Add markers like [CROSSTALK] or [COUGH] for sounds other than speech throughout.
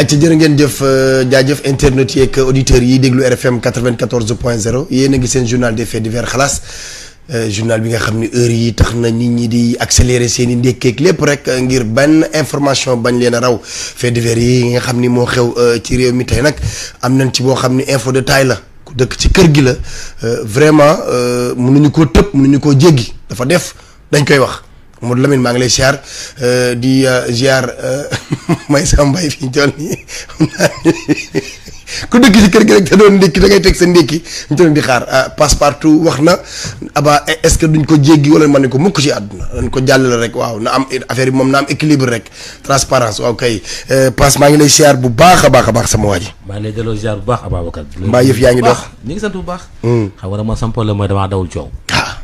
ay ca jërë ngeen jëf euh, jaajëf internet yeeg auditeurs yi déglu RFM 94 point 0 yéen a ngi seen journal des faits divers xalaas euh, journal bi nga xam ni heure yi tax na nit ñi di accélérer seeni i lépp rek ngir benn information bañ leen a raw faits divers yi nga xam ni moo xew euh, ci réew mi tey nag am nañ ci boo xam ni info de taille la ku dëkk ci kër gi la vraiment mënuñu koo tëb ñu koo jéggi dafa def dañ koy wax. Modou Lamine maa ngi lay ziar euh, di euh, ziar euh, [LAUGHS] Maysa Mbaye fi ñu toll nii ku dëkk ci kër gi rek te doon ndékki da teg sa ndékki ñu toll di xaar ah, passe partout wax na aba est-ce que duñ ko jéggi wala mën nañ ko mukk ci àdduna dañ ko jàllale rek waaw na am affaire bi moom na am équilibre rek transparence waaw kay passe maa ngi lay ziar bu baax a baax a sama waa maa ngi lay delloo ziar bu baax Ababacar. mbaa yëf yaa ngi dox ñu ngi sant bu baax. Hmm. xam nga man sama problème mooy damaa dawul coow. Ah.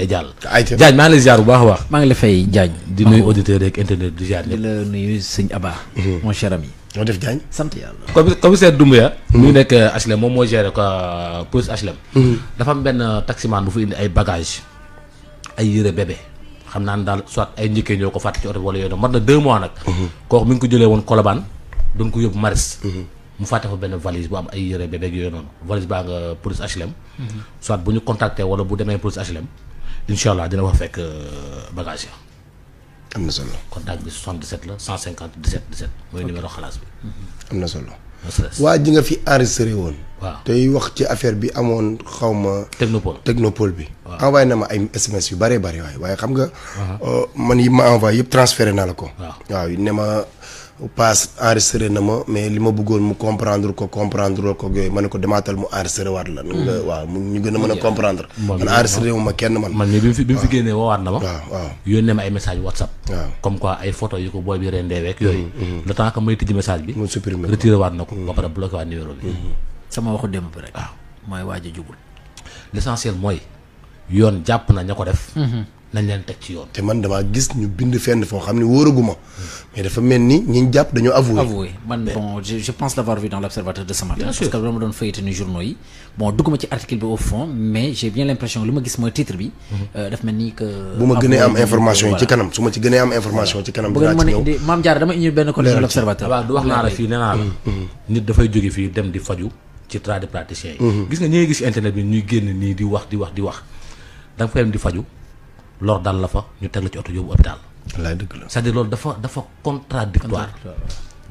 te jàll. ayca Diagne maa ngi lay ziar bu a baax. maa ngi la fay Diagne. di nuyu auditeurs rek internet du ziar. di la nuyu sëñ Aba. Mhm. mon cher ami. ñoo def Diagne. sant yàlla. commissaire Doumbouya. Mhm. mu nekk euh, HLM moom moo géré ko police HLM. Mhm. dafa am benn euh, taximan bu fi indi ay bagages ay ko fàtte ci oto wala yooyu mat na deux nag. kooku mi ngi ko jëlee woon Colobane doon ko yóbbu Maris. mu fàtte fa benn valise bu am ay yére bébé ak yooyu noonu valise baa nga police HLM. soit bu ñu contacter wala bu demee police HLM. ان شاء الله دينا وافيك باغاج امنا سلو كونتاك بي 77 لا 157 17 موي نيميرو خلاص بي امنا سلو واد جيغا في انريستري وون تاي واخ تي افير بي امون خاوما تكنوبول تكنوبول بي انواي نما اي اس ام اس يو باري باري واي واي خمغا من يما انواي ييب ترانسفيري نالاكو واي نما paas enregistré na ma mais li ma bëggoon mu comprendre ko comprendre ko yooyu ma ne ko demaatal mu enregistré waat la. Hmm. waaw ñu gën a mën a comprendre. man enregistré wu ma kenn man. man mii bi mu fi génnee woowaat na ma. waaw waaw yónnee ma ay message WhatsApp. waaw comme quoi ay photo yu ko booy bi rendee week hmm, yooyu. Hmm. le temps que may tijji message bi. mu supprimé ko waat na ko. ba pare bloqué waat numéro bi. sama waxu démb bi rek. waaw mooy waaj a jubul. l' essentiel mooy yoon jàpp na ña ko def. Je leen teg ci yoon. te man gis ñu bind fenn mais dafa ni bon je pense l'avoir vu dans l'observateur de ce matin. parce que dama doon feuilleté ni journaux bon ci article au fond mais j'ai bien l'impression que gis titre bi. Mhm. Euh, que. Je ma am information ci kanam su ci information ci kanam. ci de l'observateur. du wax la vous nee mhm. Mhm. nit dafay dem di faju ci vous gis nga vous gis internet bi ñuy di wax di lor dal la fa ñu tégg la ci oto yóbbu hôpital lay deug la c'est-à-dire loolu dafa dafa contradictoire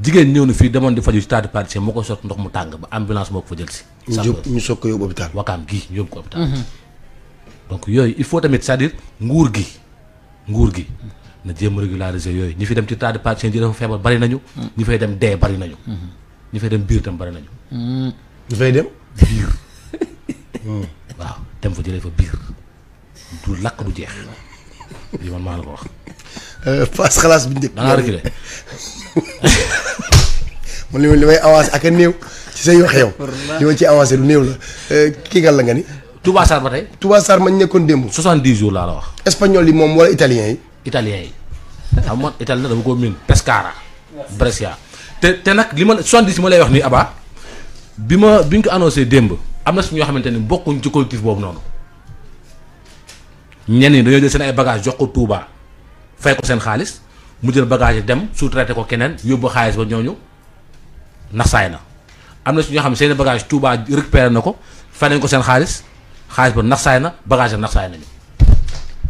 jigen ñëw na fii demoon di faju ci stade praticien moo koy sotti ndox mu tang ba ambulance moko fa jël ci ñu soog ko yóbbu hôpital wakam gi ñu yóbbu ko hôpital mhm. donc yoy il faut tamit cest dire nguur gi nguur gi na jëm régulariser yoy ñi fi dem ci stade praticien ji dafa feebar bari nañu mhm. ñi fay dem dé bari nañu mhm. ñi fay dem biir tam bari nañu ñi fay dem biir [LAUGHS] hmm. waaw dem fa jëlee fa biir du lakk bu jeex li man maa la ko wax. Euh, paas xalaas bi njëkk. da ngaa reculé. [LAUGHS] man li may avancé ak a néew ci say wax yow. li ma ci avancé lu néew la euh, kii nga la nga ni. Touba Sarr ba tey. Touba Sarr nekkoon démb. 70 jours laa la wax. espagnol yi moom wala italien yi. italien yi xam man italien dama ko miin Pescara. Brescia te te nag li ma 70 si ma lay wax nii Aba bi ma bi ñu ko annoncé démb am na suñu ñoo xamante ni bokkuñ ci collectif boobu noonu. ñenn yi dañoo jël seen ay bagage jox ko Touba fay ko seen xaalis mu jël bagage yi dem sous-traité ko keneen yóbbu xaalis ba ñooñu naxsaay na am na si ñoo xam ne seen bagage Touba récupéré na ko fay nañ ko seen xaalis xaalis ba naxsaay na bagage yi naxsaay nañu.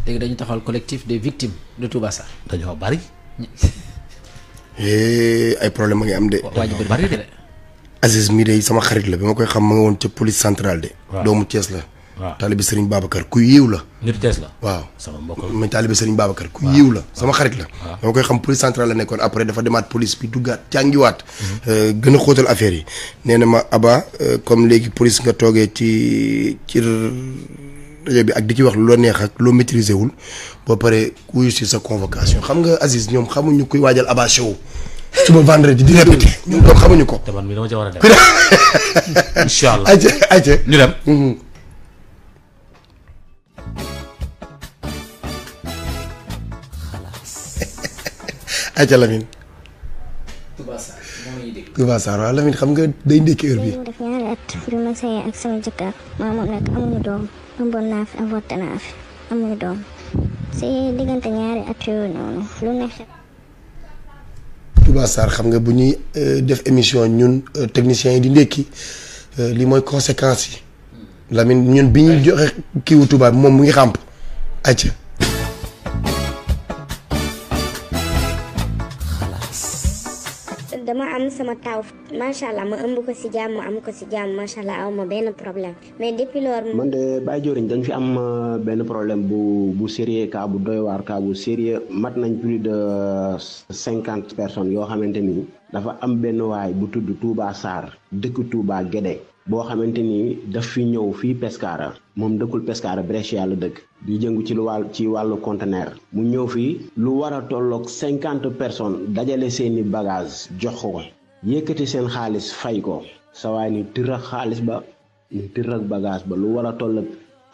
léegi dañu taxawal collectif des victimes de Touba Sarr. dañoo bari. [LAUGHS] Eh, ay problème a ngi am de. dañoo bari de. Aziz mii de sama xarit la bi ma koy xam ma nga woon ci police centrale de. doomu Thiès la. waaw taalibe Serigne Babacar ku yiw la. nit Cees la waaw. sama mbokk mi taalibe Serigne la sama xarit la. dama koy xam police centrale la nekkoon après dafa demaat police bi duggaat jàngiwaat. Euh, gën a xóotal affaire yi nee na ma Aba euh, comme léegi police nga toogee ci ci rajo bi ak di ci wax loo neex ak loo maîtriser wul ba pare kuy si sa convocation xam nga Aziz ñoom xamuñu kuy waajal Aba Show. suba vendredi di répété ñun kon ko. te man mii dama ci war a dem. [LAUGHS] ayca Lamine. Touba waaw Lamine xam nga day ndékki heure bi. ñaari at yu ma sëyee ak sama jëkkër maa moom amuñu doom lu ne. Touba Sarr xam nga bu ñuy euh, def émission ñun euh, techniciens yi di ndékki euh, li mooy conséquences yi. Hmm. Lamine ñun bi ñuy joxe kiiwu Touba moom mu ngi xàmp ayca. sama Allah, machallah ma ëmb ko si jàmm am ko si jàmm machallah aw ma benn problème mais depuis loolu man de Baye Dioriñ dañ fi am benn problème bu bu sérieux cas bu doy waar cas bu sérieux mat nañ plus de 50 personnes yoo xamante ni dafa am benn waay bu tudd Touba Sarr dëkk Touba Guédé Bo xamante ni daf fi ñëw fi Pescara mom dëkkul Pescara brèche yalla dekk di jëngu ci lu wal ci walu conteneur mu ñëw fi lu wara tollok 50 personnes dajalé seeni bagage jox ko yëkkati seen xaalis fay ko sa waay ni dërëx xaalis ba ni dërëx bagage ba lu war a toll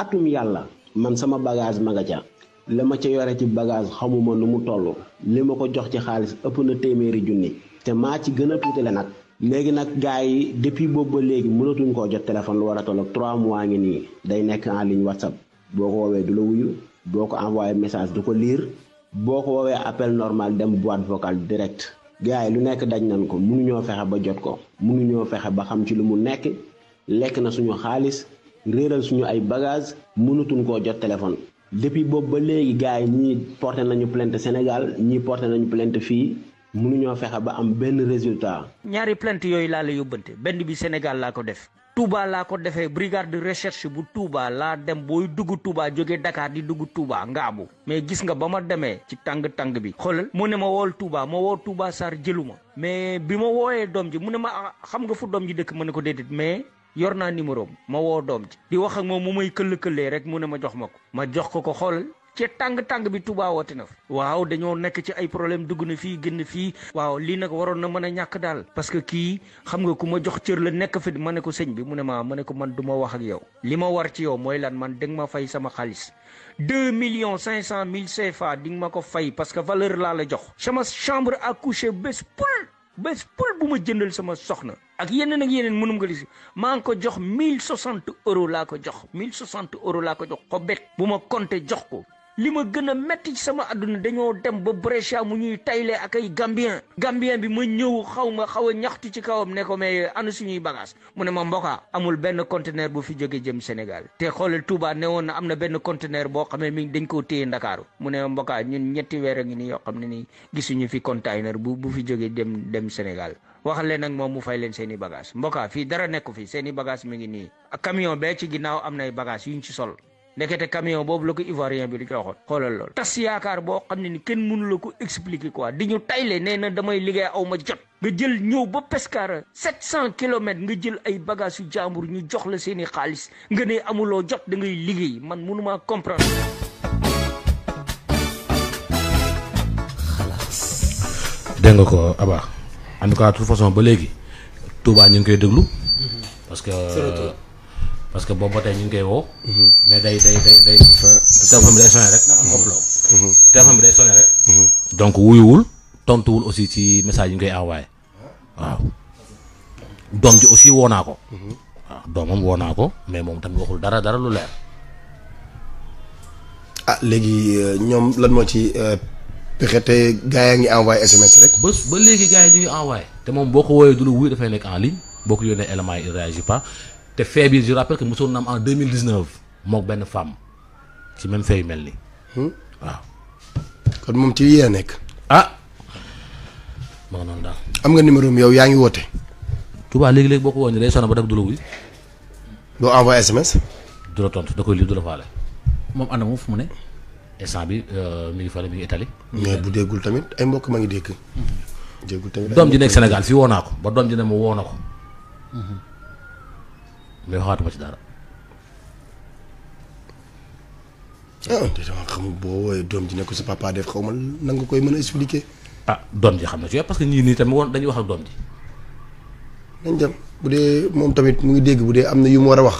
atum yàlla man sama bagage ma nga ca la ma ca yore ci bagage xamuma nu mu toll li ma ko jox ci xaalis ëpp na téeméeri junni te maa ci gën a tuuti la nag léegi nag gars yi depuis boobu ba léegi mënatuñ koo jot téléphone lu war a toll ak 3 mois ngi nii day nekk en ligne whatsapp boo ko woowee du la wuyu boo ko envoyé message du ko lire boo ko woowee appel normal dem boîte vocale direct gars yi lu nekk daj nañ ko mënuñoo fexe ba jot ko mënuñoo fexe ba xam ci lu mu nekk lekk na suñu xaalis réeral suñu ay bagage mënatuñ koo jot téléphone depuis boobu ba léegi gars yi ñii porté nañu plainte Sénégal ñii porté nañu plainte fii mënuñoo fexe ba am benn résultat ñaari plainte yooyu laa la yóbbante benn bi Sénégal laa ko def Touba laa ko defee brigade de recherche bu Touba laa dem booy dugg Touba jóge dakaar di dugg Touba ngaabu mais gis nga ba ma demee ci tàng-tàng bi xoolal mu ne ma wool Touba ma woo tuuba Sarr jëlu ma mais bi ma wooyee doom ji mu ne ma ah, xam nga fu doom ji dëkk ma ne ko déedéet mais yor naa numéro ma woo doom ji di wax ak moom mu may këll rek mu ne ma jox ma ko ma jox ko ko xoolal ci tàng-tàng bi Touba woote na fa waaw dañoo nekk ci ay problème dugg na fii génn fii waaw lii nag waroon na mën a ñàkk daal parce que kii xam nga ku ma jox cër la nekk fi ma ne ko sëñ bi mu ne maa ma ne ko man du ma wax ak yow li ma war ci yow mooy lan man dégg ma fay sama xaalis deux million cinq cent mille CFA di nga ma ko fay parce que valeur laa la jox sama chambre ak coucher bés pul bés pul bu ma jëndal sama soxna ak yeneen ak yeneen mënum nga maa ngi ko jox mille soixante euros laa ko jox mille soixante euros laa ko jox ko bu ma compter jox ko lima gëna metti ci sama aduna dañoo dem ba Brescia mu ñuy taylé ak ay Gambien Gambien bi ma ñëw xawma ma ñaxtu ci kawam ne ko mais anu suñuy bagage mu ne ma mboka amul ben conteneur bu fi joggé jëm Sénégal te xolal Touba ne woon na am na conteneur bo xamé mi dañ ko téye Dakar mu ne ma mboka ñun ñetti weer ngi ni yo xamni ni gisunu fi container bu bu fi joggé dem dem Sénégal wax leen ak mom mu fay leen seen bagage mboka fi dara nekku fi seen bagage mi ngi ni camion be ci amna ay bagage yuñ ci sol nekete camion bobu lako ivoirien bi di joxoon xol xolal lol tass yaakar bo ne ni ken mënu lako expliquer quoi di ñu tayle nee damay liggéey awma jot nga jël ñew ba Pescara 700 km nga jël ay bagage yu jambour ñu jox la seeni xaalis nga ne amulo jot da ngay liggéey man mënuma comprendre dégg ko Aba en tout cas de toute façon ba légui Touba ñu ngi koy déglu mm-hmm. parce que parce que bo ba ñu ngi koy wo mm-hmm. mais day day day day téléphone bi day sonné rek. ëpp téléphone bi day sonné rek. Mhm. donc wuyuwul tontuwul aussi ci message yi ñu koy envoyé waaw. doom ji aussi woo naa ko. Mhm. waaw doomam woo naa ko mais moom tamit waxul dara dara lu leer. ah léegi euh, ñoom lan moo ci euh, pexe te gaa yaa ngi envoyé SMS rek. ba ba léegi gaa yi ñu ngi envoyé te moom boo ko wooyee du la wuyu dafay nekk en ligne boo ko yónnee éléments il réagit pas te fait bi je rappelle que mosoon am en mook benn femme ci même fee mel nii. Hmm? waaw. kon moom ci yii nekk. ah. ma nga noonu daal. am nga numéro yow yaa ngi woote. Touba léegi-léegi boo ko woo ñu day sonn ba def du la wuy. doo envoyé SMS. du la tontu da koy lire du la faale. moom ànd moom fu mu ne. instant bi euh, mi ngi fële mi ngi Italie. mais bu déggul tamit ay mbokk ma ngi dégg. Hmm. déggul tamit doom ji nekk Sénégal fii woo naa ko ba doom ji ne ma woo na ko. Hmm. mais waxaatuma ci dara. ah dama boo wooyee doom ji ne si sa papa def xaw ma nan nga koy mën a expliquer. ah doom ji xam na ci yow parce que ñii nii tamit woon dañuy wax ak doom ji. bu dee moom tamit mu ngi dégg bu dee am na yu mu war a wax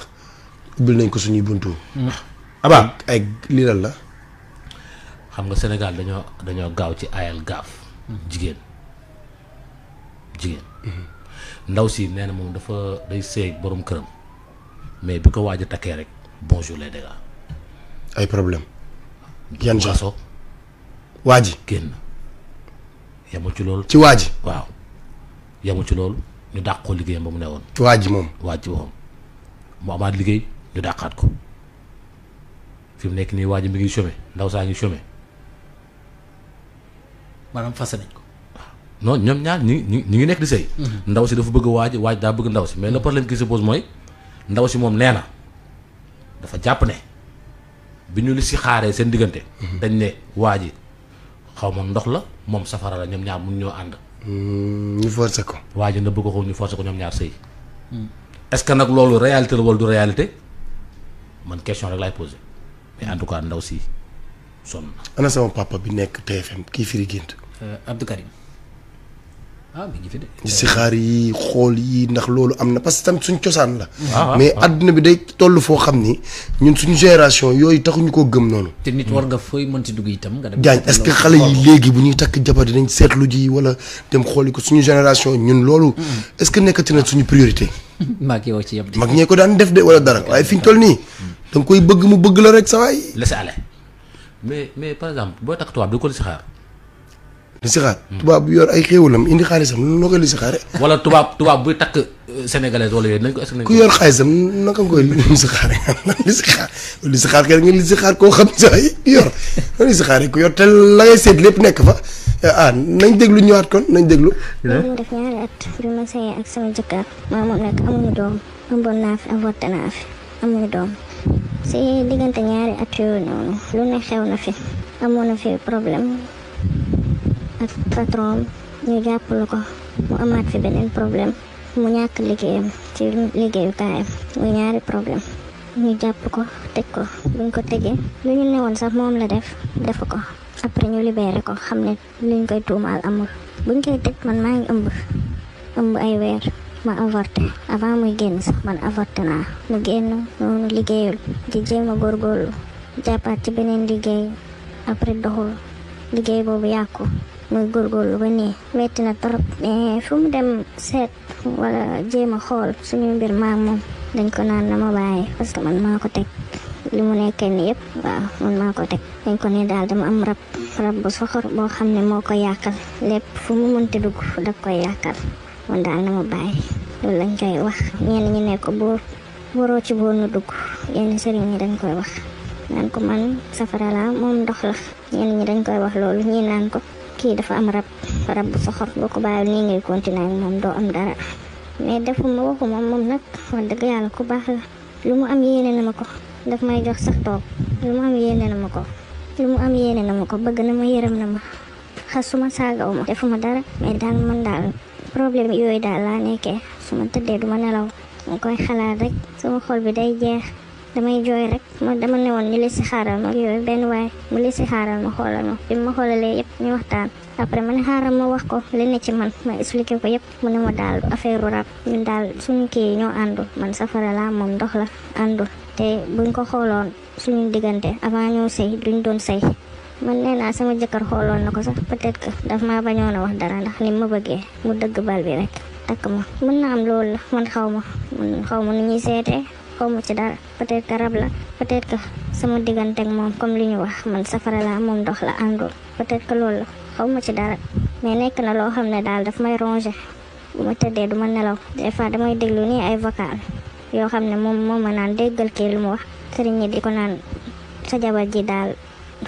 ubbil nañ ko suñuy buntu. Mm-hmm. abaa ay lii lan la. xam nga Sénégal dañoo dañoo gaaw ci ayal gaaf. jigéen jigéen. Mm-hmm. ndaw si nee na moom dafa day sëy borom këram mais bi ko waaj a takkee rek bonjour les dégâts. ay problème yan genre waa ci loolu. ci waa waaw yemul ci loolu ñu dàq ko liggéeyam ba mu ne woon. ci waa ji moom waa ji moom mu amaat liggéey ñu dàqaat ko fi mu nekk nii waa ji mi ngi ndaw saa ngi chômé. maanaam fase nañ ko. non ñoom ñaar ñi ngi ñi ngi nekk di sëy. Mhm. ndaw si dafa bëgg waaj waaj daa bëgg ndaw si mais le problème qui se pose mooy ndaw si moom nee na dafa jàpp ne. bi ñu li si xaaree seen diggante. dañ ne waa ji xaw ma ndox la moom safara la ñoom ñaar mun ñoo ànd. Hmm, ñu forcé ko. waa ji nëbb ko ko ñu forcé ko ñoom ñaar sëy. Hmm. est-ce que nag loolu réalité la wala du réalité man question rek laay posé mais en tout cas ndaw si sonn na. ana sama papa bi nekk TFM kii firi gént. Euh, Abdou ah mi ngi yi xool yi ndax loolu am na parce que tamit suñ cosaan la. Ah, ah, mais ah. àdduna bi day toll foo xam ni ñun suñu génération yooyu taxuñu koo gëm noonu. te nit war nga fooy mën ci dugg itam nga dem. jaañ est-ce que xale yi léegi bu ñuy takk jabar dinañ seetlu ji wala dem xooli ko suñu génération ñun loolu. Hmm. est-ce que nekkati na suñu priorité. [LAUGHS] mag yow ci yëpp mag ñee ko daan def de wala dara waaye fi ñu toll nii. Hmm. da koy bëgg mu bëgg la rek sa waay. mais mais par exemple boo takk tubaab du ko li si xaar listixaar tubaab bu yor ay xéewalam indi xaalisam noonu la koy listixaare wala tubaab tubaab buy takk euh, sénégalais wala yooyu nañ ko ku yor xaalisam naka nga koy listixaare listixaar listixaar kenn nga listixaar koo xam sa [LAUGHS] la ngay seet nekk fa ah nañ déglu ñëwaat kon nañ déglu man fi avorté doom si diggante ñaari at yooyu noonu lu ne xew na fi amoon na ak patron ñu jàppale ko mu amaat fi beneen problème mu ñàkk liggéeyam ci liggéeyukaayam muy ñaari problème ñu jàpp ko teg ko buñ ko tegee lu ñu newoon sax moom la def def ko après ñu libéré ko xam ne luñ koy tuumaal amul buñ koy teg man maa ëmb ëmb ay weer ma avorté avant muy génn sax man avorté naa mu génn noonu liggéeyul di jéem a góorgóorlu jàppaat ci beneen liggéey après doxul liggéey boobu yàqu muy góorgóorlu ba nii metti na trop fu mu dem seet wala jéem a xool suñu mbir maam moom dañ ko naan na ma bàyyi parce man maa ko teg li mu nekkee ni yëpp waaw man maa ko teg dañ ko ne daal dem am rab rab bu soxor boo xam ne moo ko yàqal lépp fu mu dugg daf koy yàqal man daal na ma bàyyi loolu lañ koy wax ñenn ñi ne ko boo waroo ci boo nu dugg yenn sëriñ dañ koy wax ko man safara la moom ndox dañ koy wax loolu ñi naan ko kii dafa am rab rab bu soxor boo ko bàyyi nii ngay continuer ak moom doo am dara mais defuma waxuma moom nag wax dëgg yàlla ku baax la lu am yéene na ma ko daf may jox sax toog lu mu am yéene na ma ko lu mu am yéene na ma ko bëgg na ma yërëm na ma xasuma saagaw ma dara mais daal man daal problème yooyu daal laa nekkee su ma tëddee du ma nelaw ma koy xalaat rek sama xol bi day jeex damay jooy rek ma dama ne woon ñu li si xaaral ma yooyu benn waaye ma xoolal ma bi ma xoolalee yëpp ñu waxtaan après ma ne xaaral ma wax ko li ne ci man ma expliqué ko yëpp mu ne ma daal affaire rap ñun daal suñu kii ñoo àndul man safara laa moom ndox la àndul te buñ ko xooloon suñu diggante avant ñoo sëy duñ doon sëy man nee naa sama jëkkër xooloon na ko sax peut-être que daf maa bañoon wax dara ndax ni ma bëggee mu dëgg bal bi rek takk ma mën na am loolu la man xaw Kau ci dara peut-être que rab la peut-être que sama diggante ak moom comme li wax man safara la mom dox la andul peut-être que loolu xawma ci dara mais na lo xamne dal daf may bu ma tëddee du ma nelaw des fois damay deglu ni ay vocal yo xamne mom ma lu mu wax serigne di ko nan sa jabar ji daal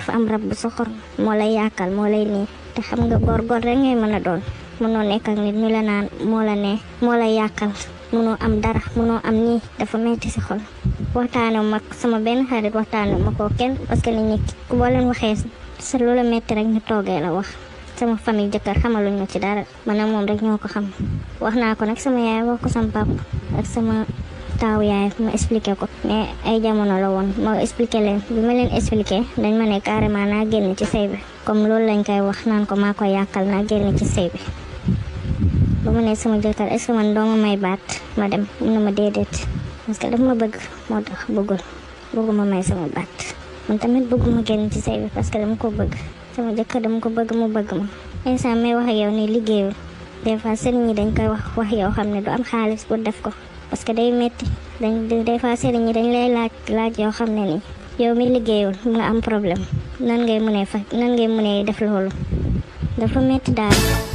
fa am rab bu soxor mo lay yakal mo lay ni te xam nga gor gor rek ngay meuna mënoo nekk ak nit ñu la naan moo la ne moo la mënoo am dara mënoo am nii dafa metti si xol waxtaane mag sama benn xarit waxtaane ma ko kenn parce que nit ñi ku boo leen waxee sa loola metti rek ñu toogee la wax sama famille jëkkër xamaluñ ma ci dara man nag moom rek ñoo ko xam wax naa ko nag sama yaay wax ko sama pap ak sama taaw yaay ma expliqué ko mais ay jamono la woon ma expliqué leen bi ma leen expliqué dañ ma ne carrément naa génn ci sëy bi comme loolu lañ koy wax naan ko maa koy yàqal naa génn ci sëy bi ba mu ne sama jëkkër est-ce que man may baat ma dem mun na ma déedéet parce que daf ma bëgg moo tax bëggul bëggu ma may sama baat man tamit bëggu ma génn ci say bi parce que dama ko bëgg sama jëkkër dama ko bëgg mu bëgg ma instant may wax ak yow ni liggéeyul des fois sëriñ yi dañ koy wax wax yow xam ne du am xaalis pour def ko parce que day metti dañ des fois sëriñ yi dañ lay laaj laaj yoo xam ne ni yow mi liggéeyul mu nga am problème nan ngay mënee fa nan ngay mënee def loolu dafa metti